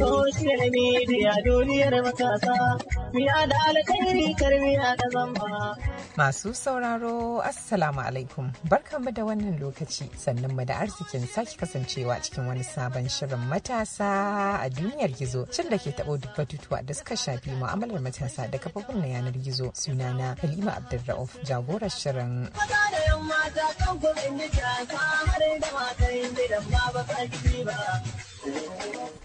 social media duniyar matasa miya da alkhairi miya da zamba. Masu sauraro Assalamu alaikum barkanmu da wannan lokaci sannan mu da arzikin sake kasancewa cikin wani sabon shirin matasa a duniyar gizo cin da ke taɓo duk batutuwa da suka shafi mu'amalar matasa da kafofin na yanar gizo sunana Halima Abdulrauf jagorar shirin. Maza da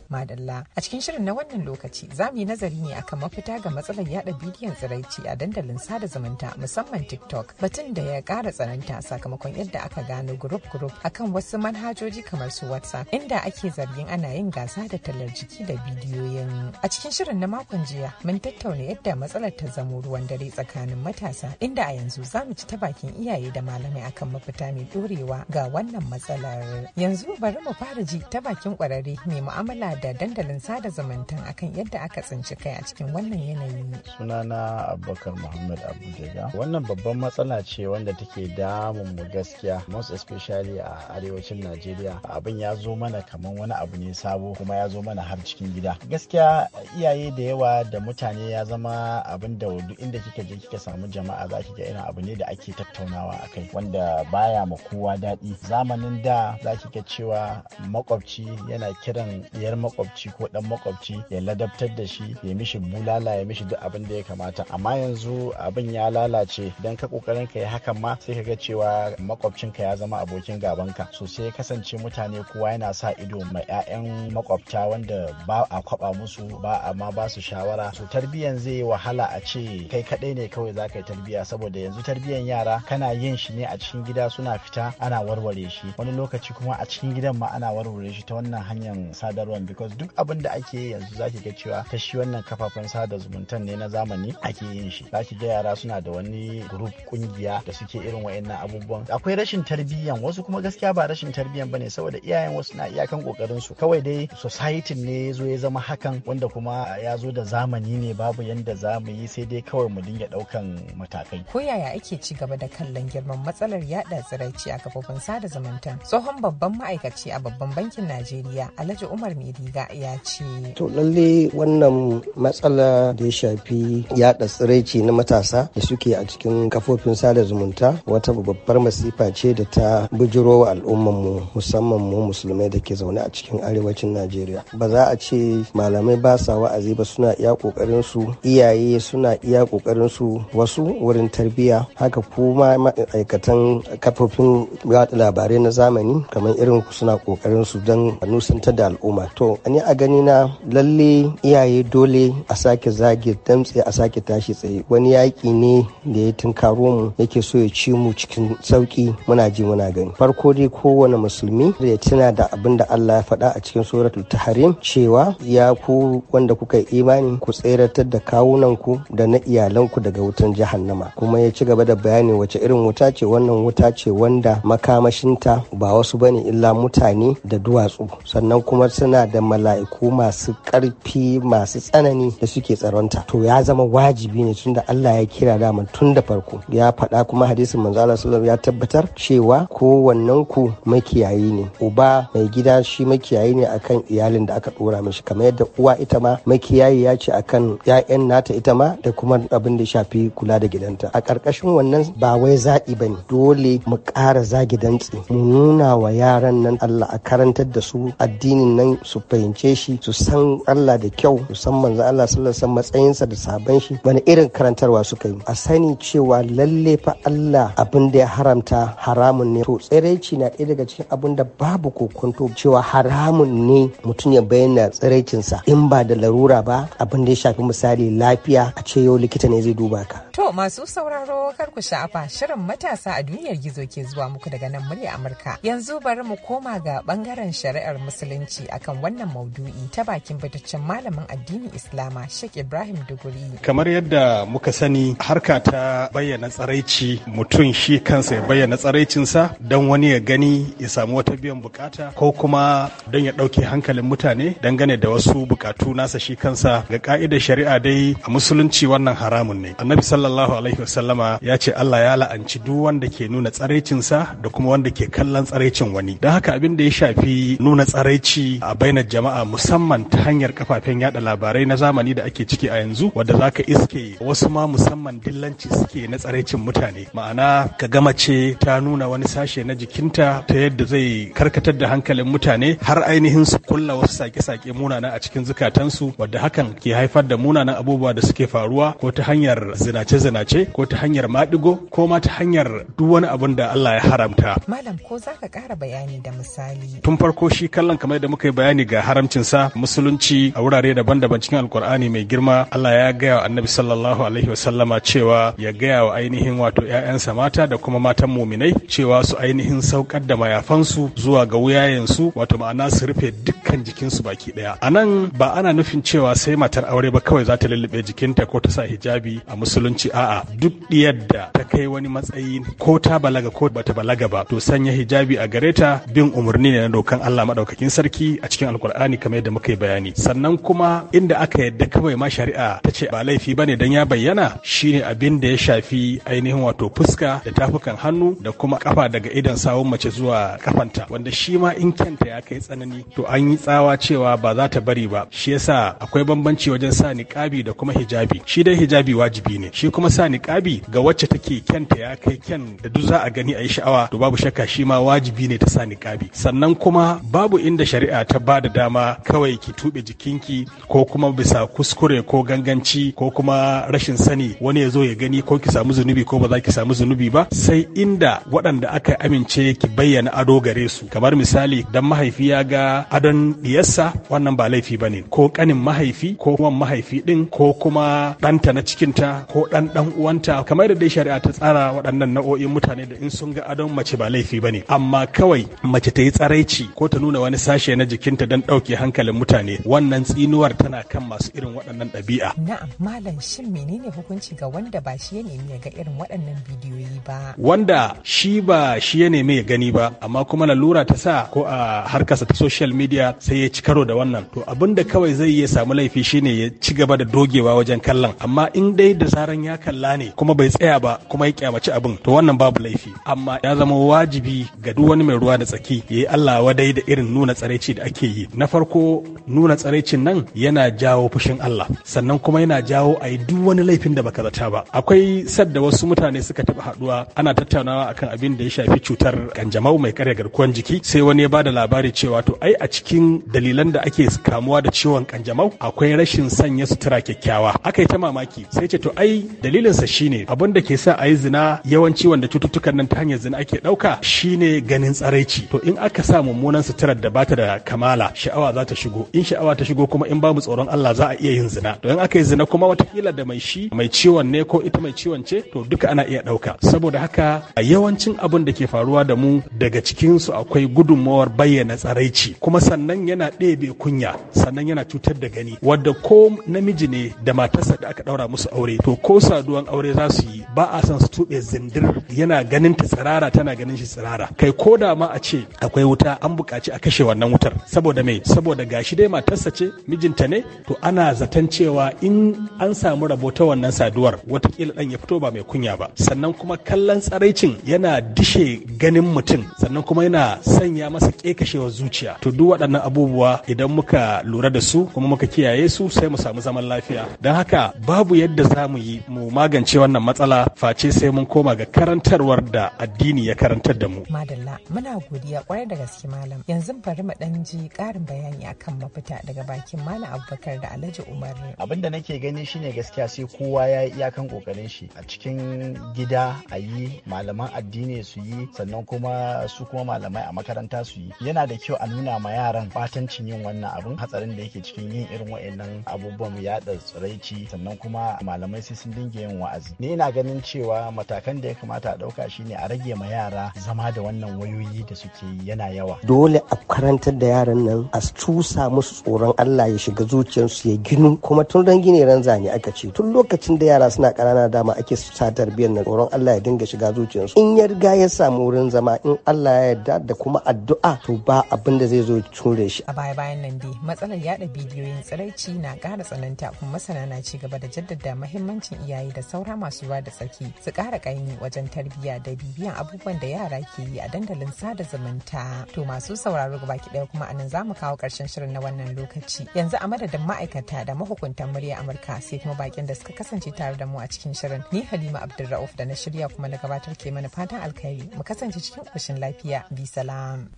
Madalla. A cikin shirin na wannan lokaci za mu yi nazari ne akan mafita ga matsalar yada bidiyon tsiraici a dandalin sada zumunta musamman TikTok batun da ya kara tsananta sakamakon yadda aka gano group group akan wasu manhajoji kamar su WhatsApp inda ake zargin ana yin gasa da tallar jiki da bidiyoyin. A cikin shirin na makon jiya mun tattauna yadda matsalar ta zamo ruwan dare tsakanin matasa inda a yanzu za mu ci ta bakin iyaye da malamai akan mafita mai dorewa ga wannan matsalar. Yanzu bari mu fara ji ta bakin kwararre mai mu'amala da dandalin sada zumuntan akan yadda aka tsinci kai a cikin wannan yanayi. Sunana Abubakar Muhammad Abuja. Wannan babban matsala ce wanda take damun mu gaskiya most especially a arewacin Najeriya. Abin ya zo mana kamar wani abu ne sabo kuma ya zo mana har cikin gida. Gaskiya iyaye da yawa da mutane ya zama abin da duk inda kika je kika samu jama'a za ki ga irin abu ne da ake tattaunawa a kai. wanda baya ma kowa daɗi. Zamanin da za ki ga cewa makwabci yana kiran diyar makwabci ko dan makwabci ya ladabtar da shi ya mishi bulala ya mishi duk abin da ya kamata amma yanzu abin ya lalace dan ka kokarin ka yi hakan ma sai ka ga cewa makwabcinka ya zama abokin gabanka so sai kasance mutane kowa yana sa ido ma 'ya'yan makwabta wanda ba a kwaba musu ba amma ba su shawara so tarbiyan zai yi wahala a ce kai kadai ne kawai za ka yi tarbiyya saboda yanzu tarbiyan yara kana yin shi ne a cikin gida suna fita ana warware shi wani lokaci kuma a cikin gidan ma ana warware shi ta wannan hanyar sadarwar because duk abin da ake yi yanzu zaki ga cewa ta shi wannan kafafen sada zumunta ne na zamani ake yin shi zaki ga yara suna da wani group kungiya da suke irin wayannan abubuwan akwai rashin tarbiyyan wasu kuma gaskiya ba rashin tarbiyyan bane saboda iyayen wasu na iyakan kokarin su kawai dai society ne ya zo ya zama hakan wanda kuma ya zo da zamani ne babu yanda za mu yi sai dai kawai mu dinga daukan matakai ko yaya ake ci gaba da kallon girman matsalar yada tsiraici a kafofin sada zumunta tsohon babban ma'aikaci a babban bankin Najeriya Alhaji Umar Medi riga ya ce. To lalle wannan matsala da ya shafi yaɗa tsiraici na matasa da suke a cikin kafofin sada zumunta wata babbar masifa ce da ta bujiro wa mu musamman mu musulmai da ke zaune a cikin arewacin Najeriya. Ba za a ce malamai ba sa wa'azi ba suna iya kokarin su iyaye suna iya kokarin su wasu wurin tarbiyya haka kuma ma'aikatan kafofin labarai na zamani kamar irin suna kokarin su don nusantar da al'umma to ni a gani na lalle iyaye dole a sake zage damtse a sake tashi tsaye wani yaƙi ne da ya tunkaro mu yake so ya ci mu cikin sauƙi muna ji muna gani farko dai kowane musulmi da ya tuna da abin da Allah ya faɗa a cikin suratul tahrim cewa ya ku wanda kuka yi imani ku tseratar da kawunanku da na iyalanku daga wutan jahannama kuma ya ci gaba da bayani wace irin wuta ce wannan wuta ce wanda makamashinta ba wasu bane illa mutane da duwatsu sannan kuma suna da mala'iku masu ƙarfi masu tsanani da suke tsaronta to ya zama wajibi ne tunda Allah ya kira dama tun da farko ya faɗa kuma hadisin manzo Allah sallallahu ya tabbatar cewa kowannen ku makiyayi ne uba mai gida shi makiyayi ne akan iyalin da aka dora mishi kamar yadda uwa ita ma makiyayi ya ce akan ƴaƴan nata ita ma da kuma abin da shafi kula da gidanta a ƙarƙashin wannan ba wai zaɓi bane dole mu ƙara zagi dantse mu nuna wa yaran nan Allah a karantar da su addinin nan su fahimce shi su san Allah da kyau su san Allah sallallahu alaihi matsayinsa da sabon shi wani irin karantarwa suka yi a sani cewa lalle fa Allah abin da ya haramta haramun ne to tsiraici na ɗaya daga cikin abin da babu kokonto cewa haramun ne mutum ya bayyana tsiraicinsa in ba da larura ba abin da ya shafi misali lafiya a ce yau likita ne zai duba ka to masu sauraro kar ku sha'afa shirin matasa a duniyar gizo ke zuwa muku daga nan murya Amurka yanzu bari mu koma ga bangaren shari'ar musulunci akan wannan wannan maudu'i ta bakin fitaccen malamin addinin Islama sheik Ibrahim Duguri. Kamar yadda muka sani harka ta bayyana tsaraici mutum shi kansa ya bayyana tsaraicinsa don wani ya gani ya samu wata biyan bukata ko kuma don ya ɗauke hankalin mutane dangane da wasu bukatu nasa shi kansa ga ka'idar shari'a dai a musulunci wannan haramun ne. Annabi sallallahu alaihi wasallama ya ce Allah ya la'anci duk wanda ke nuna tsaraicinsa da kuma wanda ke kallon tsaraicin wani. Don haka abin da ya shafi nuna tsaraici a bayyana jama'a musamman ta hanyar kafafen yada labarai na zamani da ake ciki a yanzu wadda za ka iske wasu ma musamman dillanci suke na tsaraicin mutane ma'ana ka gama ce ta nuna wani sashe na jikinta ta yadda zai karkatar da hankalin mutane har ainihin su kulla wasu sake-sake munana a cikin zukatansu wadda hakan ke haifar da munanan abubuwa da suke faruwa ko ta hanyar zinace-zinace ko ta hanyar maɗigo ko ma ta hanyar duk wani abin da Allah ya haramta. Malam ko za ka ƙara bayani da misali. Tun farko shi kallon kamar da muka yi bayani ga haramcin haramcinsa musulunci a wurare daban-daban cikin alkur'ani mai girma Allah ya gaya wa annabi sallallahu alaihi wasallama cewa ya gaya wa ainihin wato 'ya'yansa mata da kuma matan muminai cewa su ainihin saukar da mayafansu zuwa ga wuyayensu wato ma'ana su rufe dukkan jikinsu baki daya a nan ba ana nufin cewa sai matar aure ba kawai za ta lullube jikinta ko ta sa hijabi a musulunci a'a duk diyar da ta kai wani matsayi ko ta balaga ko bata balaga ba to sanya hijabi a gare ta bin umarni ne na dokan Allah maɗaukakin sarki a cikin alkur'ani alkur'ani kamar yadda muka yi bayani sannan kuma inda aka yadda kawai ma shari'a ta ce ba laifi ba ne dan ya bayyana shine abin da ya shafi ainihin wato fuska da tafukan hannu da kuma kafa daga idon sawun mace zuwa kafanta wanda shi ma in kyanta ya kai tsanani to an yi tsawa cewa ba za ta bari ba shi yasa akwai bambanci wajen sa niqabi da kuma hijabi shi dai hijabi wajibi ne shi kuma sa niqabi ga wacce take kyanta ya kai kyan da duk za a gani a yi sha'awa to babu shakka shi ma wajibi ne ta sa niqabi sannan kuma babu inda shari'a ta bada dama kawai ki tuɓe jikinki ko kuma bisa kuskure ko ganganci ko kuma rashin sani wani ya zo ya gani ko ki samu zunubi ko ba za ki samu zunubi ba sai inda waɗanda aka amince ki bayyana ado gare su kamar misali dan mahaifi ya ga adon diyarsa wannan ba laifi ba ne ko kanin mahaifi ko kuma mahaifi ɗin ko kuma ɗanta na cikinta ko ɗan ɗan uwanta kamar da dai shari'a ta tsara waɗannan nau'o'in mutane da in sun ga adon mace ba laifi ba ne amma kawai mace ta yi tsaraici ko ta nuna wani sashe na jikinta dan ɗauke hankalin mutane wannan tsinuwar tana kan masu irin waɗannan ɗabi'a. Na'am malam shin menene hukunci ga wanda ba shi ya nemi ya ga irin waɗannan bidiyoyi ba? Wanda shi ba shi ya nemi ya gani ba amma kuma lalura ta sa ko a harkarsa ta social media sai ya ci karo da wannan to abin da kawai zai iya samu laifi shine ya ci gaba da dogewa wajen kallon amma in dai da zaran ya kalla ne kuma bai tsaya ba kuma ya kyamaci abin to wannan babu laifi amma ya zama wajibi ga duk wani mai ruwa da tsaki Ya yi Allah wadai da irin nuna tsaraici da ake yi na farko nuna tsaraicin nan yana jawo fushin Allah sannan kuma yana jawo a yi duk wani laifin da baka zata ba akwai sadda wasu mutane suka taba haduwa ana tattaunawa akan abin da ya shafi cutar kanjamau mai karya garkuwar jiki sai wani ya bada labari cewa to ai a cikin dalilan da ake kamuwa da ciwon kanjamau akwai rashin sanya sutura kyakkyawa aka yi ta mamaki sai ce to ai dalilinsa shine abin da ke sa a yi zina yawanci wanda cututtukan nan ta hanyar zina ake dauka shine ganin tsaraici to in aka sa mummunan suturar da bata da kamala sha'awa za ta shigo in sha'awa ta shigo kuma in babu tsoron Allah za a iya yin zina to in aka yi zina kuma watakila da mai shi mai ciwon ne ko ita mai ciwon ce to duka ana iya ɗauka saboda haka a yawancin abin da ke faruwa da mu daga cikin su akwai gudunmawar bayyana tsaraici kuma sannan yana ɗebe kunya sannan yana cutar da gani wadda ko namiji ne da matarsa da aka ɗaura musu aure to ko saduwan aure za su yi ba a son su tuɓe zindir yana ganin ta tsirara tana ganin shi tsirara kai ko da ma a ce akwai wuta an buƙaci a kashe wannan wutar saboda me kai saboda gashi dai matarsa ce mijinta ne to ana zaton cewa in an samu rabo ta wannan saduwar watakila dan ya fito ba mai kunya ba sannan kuma kallon tsaraicin yana dishe ganin mutum sannan kuma yana sanya masa kekashewar zuciya to duk waɗannan abubuwa idan muka lura da su kuma muka kiyaye su sai mu samu zaman lafiya don haka babu yadda za mu yi mu magance wannan matsala face sai mun koma ga karantarwar da addini ya karantar da mu madalla muna godiya kwarai da gaske malam yanzu bari mu dan ji karin bayani akan mafita daga bakin mana Abubakar da Alhaji Umar. Abin da nake gani shine gaskiya sai kowa ya yi iyakan kokarin shi a cikin gida a yi malaman addini su yi sannan kuma su kuma malamai a makaranta su yi. Yana da kyau a nuna ma yaran batancin yin wannan abin hatsarin da yake cikin yin irin wa'annan abubuwan yaɗa tsiraici sannan kuma malamai sai sun dinga yin wa'azi. Ni ina ganin cewa matakan da ya kamata a ɗauka shine a rage ma yara zama da wannan wayoyi da suke yana yawa. Dole a karantar da yaran nan a tusa musu tsoron Allah ya shiga zuciyarsu ya ginu kuma tun ran gine ran zane aka ce tun lokacin da yara suna karana dama ake sa tarbiyyar nan tsoron Allah ya dinga shiga zuciyarsu in ya riga ya samu wurin zama in Allah ya yarda da kuma addu'a to ba abin da zai zo ture shi a baya bayan nan dai matsalar yada bidiyoyin tsiraici na kara tsananta kuma masana na ci gaba da jaddada mahimmancin iyaye da saura masu ruwa da tsaki su kara kaini wajen tarbiyya da bibiyan abubuwan da yara ke yi a dandalin sada zumunta to masu sauraro gaba ki daya kuma anan zamu kawo ƙarshen shirin na wannan lokaci yanzu a madadin ma'aikata da mahukuntan murya amurka sai kuma bakin da suka kasance tare da mu a cikin shirin ni halima abdulra'uf da na shirya kuma na gabatar ke mana fatan alkhairi mu kasance cikin ƙoshin lafiya bi salam.